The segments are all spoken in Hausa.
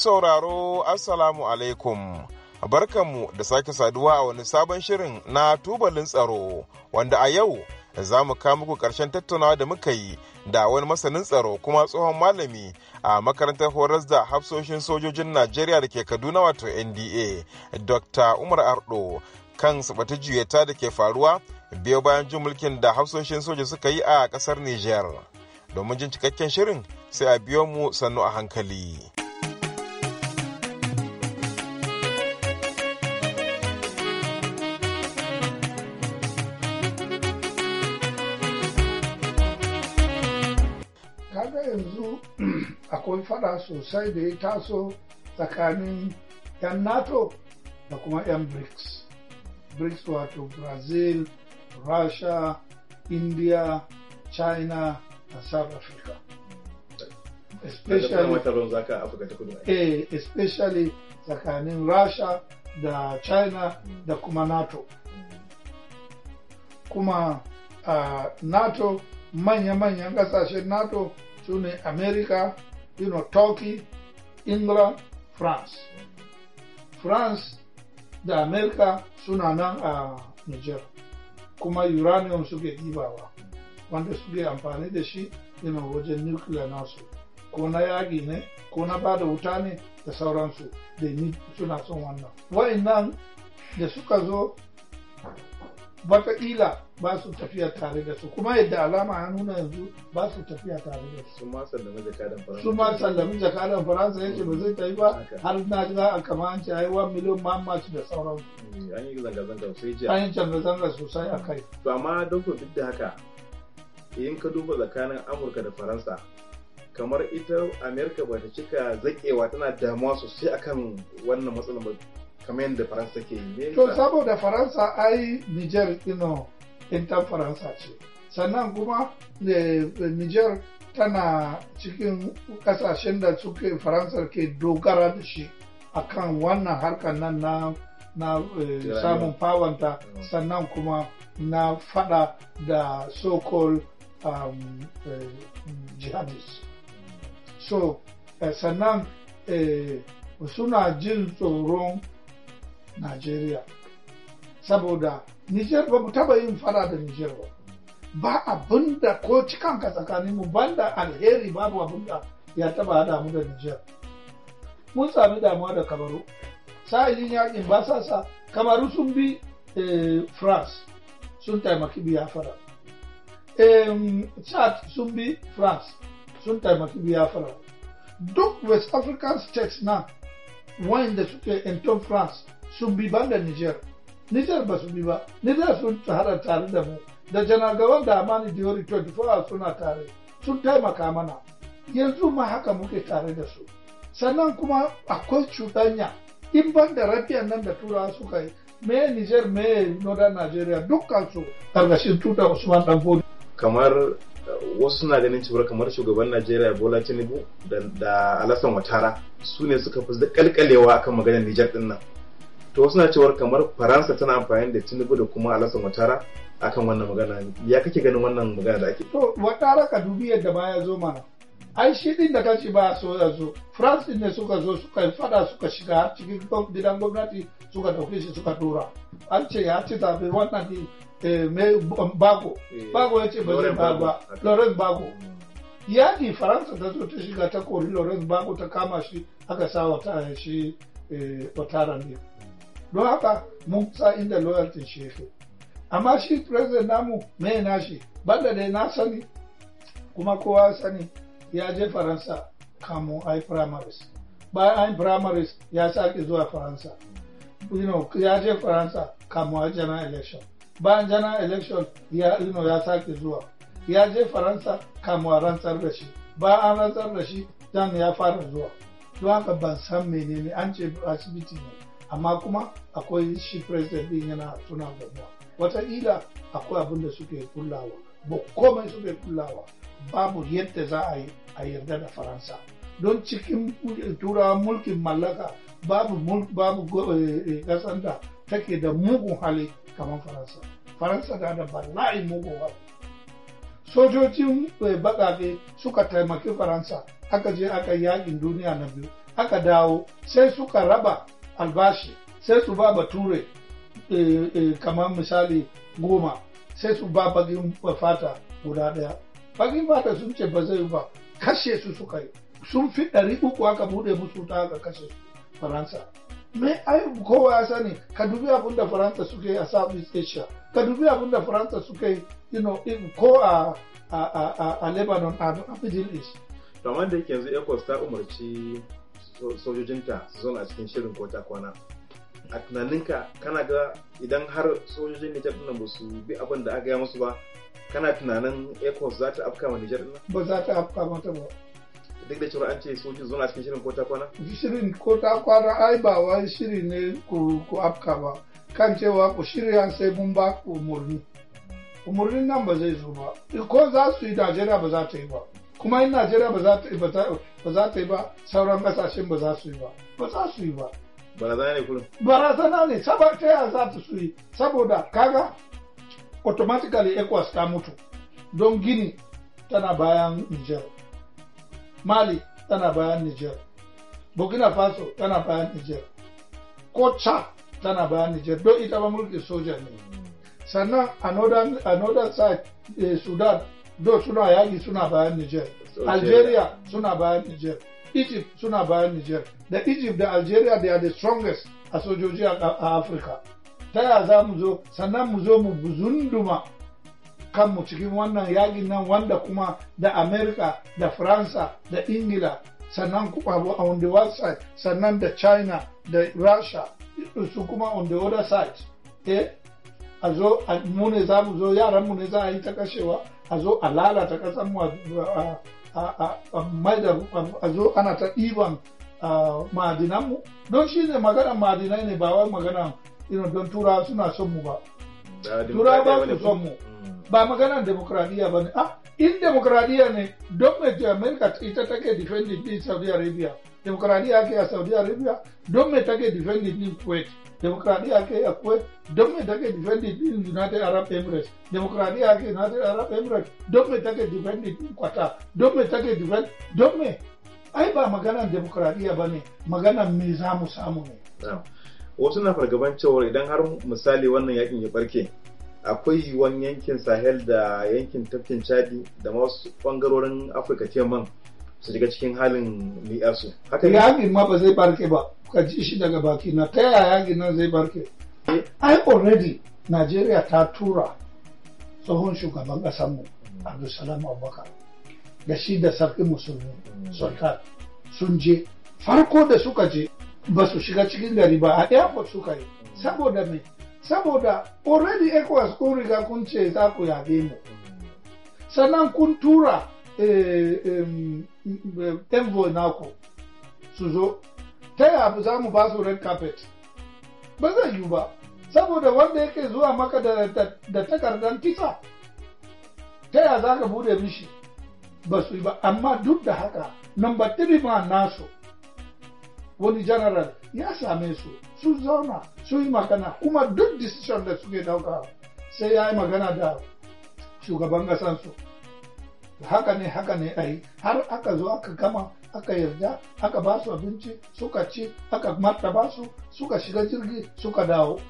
sauraro Assalamu alaikum. Barkanmu da sake saduwa a wani sabon shirin na tubalin tsaro wanda a yau za mu kawo muku ƙarshen tattaunawa da muka yi da wani masanin tsaro kuma tsohon malami a makarantar horas da hafsoshin sojojin Najeriya da ke Kaduna wato NDA Dr. Umar Ardo kan sabata juyata da ke faruwa biyo bayan jin mulkin da hafsoshin soja suka yi a ƙasar Nijar. Domin jin cikakken shirin sai a biyo mu sannu a hankali. akwai fada sosai da ya taso tsakanin 'yan nato da kuma 'yan brics brics wato brazil russia india china da south africa especially, eh, tsakanin russia da china da kuma nato kuma uh, nato manya-manyan kasashen nato su ne america you know, Turkey, England, France. France da America suna nan a Niger, kuma uranium suke ɗibawa, wanda suke amfani da shi you wajen nuclear nasu, ko na yaƙi ne, ko na bada wuta ne da sauransu, da suna son wannan. Wa'in nan da suka zo wataƙila ba su tafiya tare da su kuma yadda alama ya nuna yanzu ba su tafiya tare da su. su ma sallami jakadan Faransa. Faransa yake ba zai tafi ba har na za a kama an ce miliyon miliyan mamaci da sauran. Hmm, an yi zanga-zanga sosai jiya. An yi zanga-zanga sosai a kai. To amma doktor duk da haka in ka duba tsakanin Amurka da Faransa kamar ita Amerika ba ta cika zaƙewa tana damuwa sosai akan wannan matsalar kamar da faransa ke yi to saboda faransa ai niger ino intan faransa ce sannan kuma niger tana cikin kasashen da suke faransa ke dogara da shi akan wannan harkar nan na na eh, samun fawanta mm. sannan kuma na fada da so-called um, eh, mm. so eh, sannan suna jin tsoron Najeriya. Saboda Nijar ba mu taba yin fara da Nijar ba. Ba abin da ko cikanka tsakanin mu da alheri babu abin da ya taba hada mu da Nijar. Mun sami damuwa da Kamaru. Sa'ilin yakin ba sa sa Kamaru sun bi eh, France sun taimaki Biafra. Chad sun bi France sun taimaki Biafra. Duk West African states na wanda suke enton France sun bi ban da Nijar. Nijar ba su bi ba, Nijar sun tsara tare da mu, da janagaban da Amani Diori 24 suna tare, sun taimaka mana. Yanzu ma haka muke tare da su. Sannan kuma akwai cutanya in ban da rafiyan nan da turawa suka yi, me Nijar me Northern Nigeria dukkan su ƙarƙashin tutar Usman Danfodi. Kamar wasu na ganin cewar kamar shugaban Najeriya Bola Tinubu da Alasan Watara su ne suka fi kalkalewa akan maganar Nijar din nan. to suna cewar kamar faransa tana amfani da tinubu da kuma alasan watara akan wannan magana ya kake ganin wannan magana da ake to watara ka dubi yadda baya zo mana ai shi din da kanshi ba so da zo france ne suka zo suka fada suka shiga cikin gidan gwamnati suka dauke shi suka dora an ce ya ci zabe wannan din eh, mai bago eh, bago ya ce ba zai ba lorenz bago yaki faransa ta zo ta shiga ta kori lorenz bago ta kama shi aka sa wata shi watara eh, ne don haka mun sa inda loyalty shi yake amma shi president namu mai shi banda da na sani kuma kowa sani ya je faransa kamun ai primaries bayan ai primaries ya sake zuwa faransa you know, ya je faransa kamun ai general election bayan general election ya, you know, ya sake zuwa ya je faransa kamun a rantsar da shi bayan an rantsar da shi jan ya fara zuwa don haka ban san menene an ce asibiti ne amma kuma akwai shi president din yana suna gamuwa wataƙila akwai abin da suke kullawa ba komai suke kullawa babu yadda za a yi a yarda da faransa don cikin turawan mulkin mallaka babu babu eh, eh, ƙasar da take da mugun hali kamar faransa faransa na da bala'in mugun hali sojojin eh, baƙaƙe suka taimaki faransa aka je aka yakin duniya na biyu aka dawo sai suka raba albashi sai su ba bature eh, eh, kamar misali goma sai su ba bagin fata guda ɗaya bagin fata sun ce ba zai ba kashe su suka yi sun fi ɗari uku aka buɗe musu ta aka kashe faransa me ai kowa ya sani ka dubi abin da faransa suke a southeast asia ka dubi abin da faransa suke you know, ko a a, a, a, a lebanon a middle east kamar da yake yanzu ecos ta umarci sojojinta su zauna a cikin shirin ko ta kwana a tunaninka kana ga idan har sojojin Nijar ɗin ba su bi abin da aka yi musu ba kana tunanin ecos za ta afka ma Nijar ɗin ba za ta afka mata ba duk da cewa an ce sojin zauna a cikin shirin ko ta kwana shirin ko ta kwana ai ba wa shiri ne ku afka ba kan cewa ku shirya sai mun ba ku umarni umarnin nan ba zai zo ba ko za su yi Najeriya ba za ta yi ba kuma in najeriya ba za ta yi ba sauran kasashen ba za su yi ba ba za su yi ba barazana ne kullum barazana ne saba ta yaya za ta su yi saboda kaga automatically ecowas ta mutu don gini tana bayan niger mali tana bayan niger burkina faso tana bayan niger kocha tana bayan niger don ita ba mulkin soja ne hmm. sannan a northern side eh, sudan do suna yaƙi suna bayan Nijar. Algeria suna bayan Nijar. Egypt suna bayan Nijar. da Egypt da Algeria they are the strongest a sojoji a Afirka ta ya za mu zo sannan mu zo mu buzunduma kanmu cikin wannan yaƙin nan wanda kuma da Amerika da Faransa da Ingila sannan kuma on the one side sannan da China da Russia su kuma on the other side eh a zo mu ne za mu zo yaran mu ne za a yi ta kashewa a zo a lalata ƙasar mu a zo ana ta ɗiban ma'adinan mu don shi ne maganar madinai ne ba wai magana ina don tura suna son mu ba tura ba su son mu ba maganar demokradiyya ba ne ah in demokradiyya ne don mai america ita take defending din saudi arabia demokradiya ake a saudi arabia don me take defending din kuwait demokradiya ake a kuwait don me take defending din united arab emirates demokradiya ake united arab emirates don me take defending din kwata don me take defend don me ai ba magana demokradiya ba ne magana me za mu samu ne wasu na fargaban cewar idan har misali wannan yakin ya barke akwai yiwuwan yankin sahel da yankin tafkin chadi da wasu bangarorin afirka teman su shiga cikin halin li'asu haka ne yaƙin ma ba zai barke ba ka ji shi daga baki na ta yaya yaƙin nan zai barke eh. ai already Najeriya ta tura tsohon shugaban ƙasarmu Abdulsalam Abubakar da shi da sarkin musulmi mm. sultan sun je farko da suka je ba su shiga cikin gari ba a airport suka yi mm. saboda me saboda already ecowas kun riga kun ce za ku yabe mu mm. sannan kun tura envoy eh, naku su zo ta ya za mu ba su red carpet ba zai yiwu ba saboda wanda yake zuwa maka da takardar kisa ta ya za ka bude mishi ba su yi ba amma duk da haka namba 3 ma nasu wani general ya same su su zauna sun yi magana kuma duk decision da suke dauka sai ya yi magana da shugaban kasansu haka ne haka ne ai har aka zo aka gama aka yarda aka ba su abinci suka ci aka martaba su suka shiga jirgi suka dawo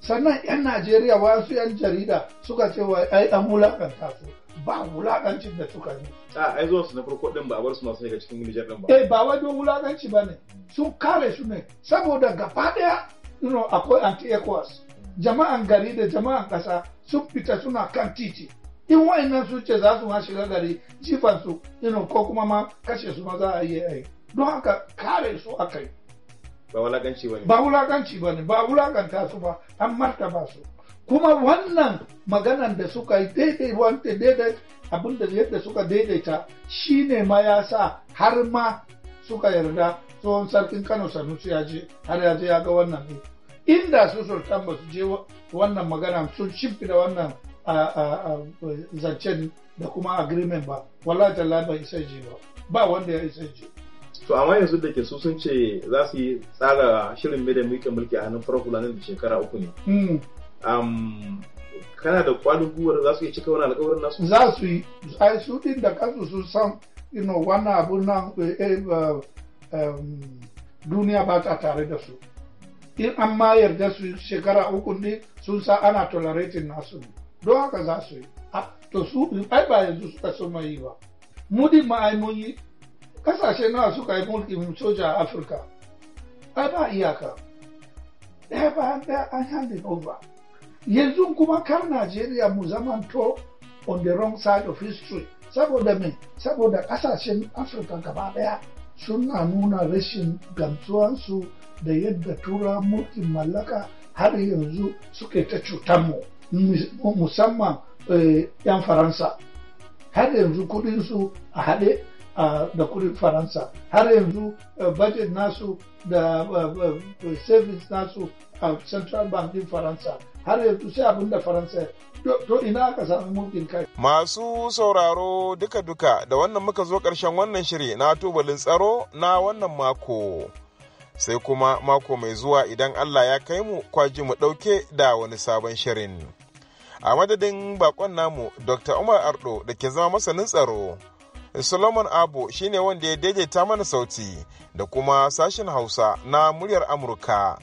sannan 'yan najeriya wasu 'yan jarida suka ce wa ai an wulakanta su ba wulakancin da suka yi a ai su na farko din ba a bar su masu daga cikin nijar din ba eh ba wai don wulakanci ba ne sun kare su ne saboda gaba daya akwai anti ecos jama'an gari da jama'an kasa sun fita suna kan titi in wa'annan su ce za su ma shiga gari jifan su ko kuma ma kashe su ma za a iya ai don haka kare su aka yi ba wulakanci ba ne ba ba wulakanta su ba an martaba su kuma wannan maganan da suka yi daidai wanda daidai abin yadda suka daidaita shine ma ya sa har ma suka yarda tsohon sarkin kano sanusi ya je har ya je ya ga wannan ne inda su sultan ba su je wannan maganan sun shimfida wannan a zancen da kuma agreement ba wallahi tallahi ba isa ji ba ba wanda ya isa ji to amma yanzu da ke su sun ce za su yi tsara shirin mai da mulki mulki a hannun farar hulanin da shekara uku ne hmm. kana da kwanin gwiwar za su iya cika wani alkawarin nasu za su yi a su din da kansu su san you know wannan abu nan eh, eh, eh, duniya ba ta tare da su in an ma yarda su shekara uku ne sun sa ana tolerating nasu don haka za su yi to su ai ba yanzu suka soma yi ba mu din ma ai mun yi kasashe nawa suka yi mulkin soja a afirka ai ba iyaka ɗaya ɗaya an handin over yanzu kuma kar najeriya mu zamanto on the wrong side of history saboda me saboda kasashen afirka gaba ɗaya suna nuna rashin gamsuwansu da yadda tura mulkin mallaka har yanzu suke ta cutar mu. musamman eh, yan faransa har yanzu kudinsu a haɗe da kudin faransa har yanzu eh, budget nasu da service nasu a central bank din faransa har yanzu sai abin da faransa to ina aka sami mulkin kai. Masu sauraro duka-duka da wannan muka zo karshen wannan shiri na tubalin tsaro na wannan mako. Sai kuma mako mai zuwa idan Allah ya kai mu kwaji mu ɗauke da wani sabon shirin. a madadin bakon namu dr umar ardo da ke zama masanin tsaro solomon abu shine wanda ya daidaita mana sauti da kuma sashen hausa na muryar amurka